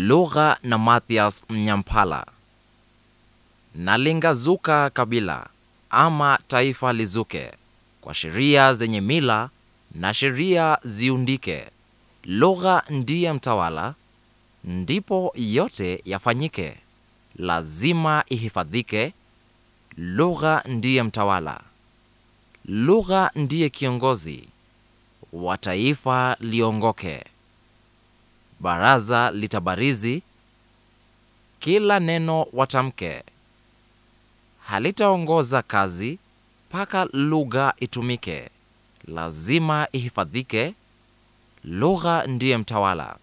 Lugha na Mathias Mnyampala. Na lingazuka kabila ama taifa lizuke, kwa sheria zenye mila na sheria ziundike, lugha ndiye mtawala, ndipo yote yafanyike, lazima ihifadhike, lugha ndiye mtawala, lugha ndiye kiongozi, wa taifa liongoke. Baraza litabarizi kila neno watamke, halitaongoza kazi mpaka lugha itumike. Lazima ihifadhike, lugha ndiye mtawala.